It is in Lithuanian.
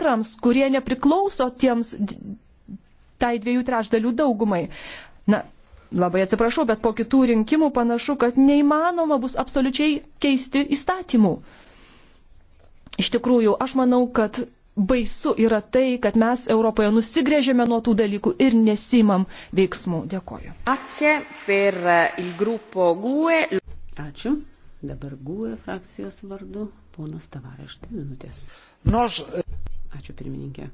centrams, kurie nepriklauso tiems tai dviejų trešdalių daugumai. Na, labai atsiprašau, bet po kitų rinkimų panašu, kad neįmanoma bus absoliučiai keisti įstatymų. Iš tikrųjų, aš manau, kad baisu yra tai, kad mes Europoje nusigrėžėme nuo tų dalykų ir nesimam veiksmų. Dėkoju. Eh, Ačiū. Dabar GUE frakcijos vardu ponas Tavarė, štai minutės. Nos... Ačiū pirmininkė.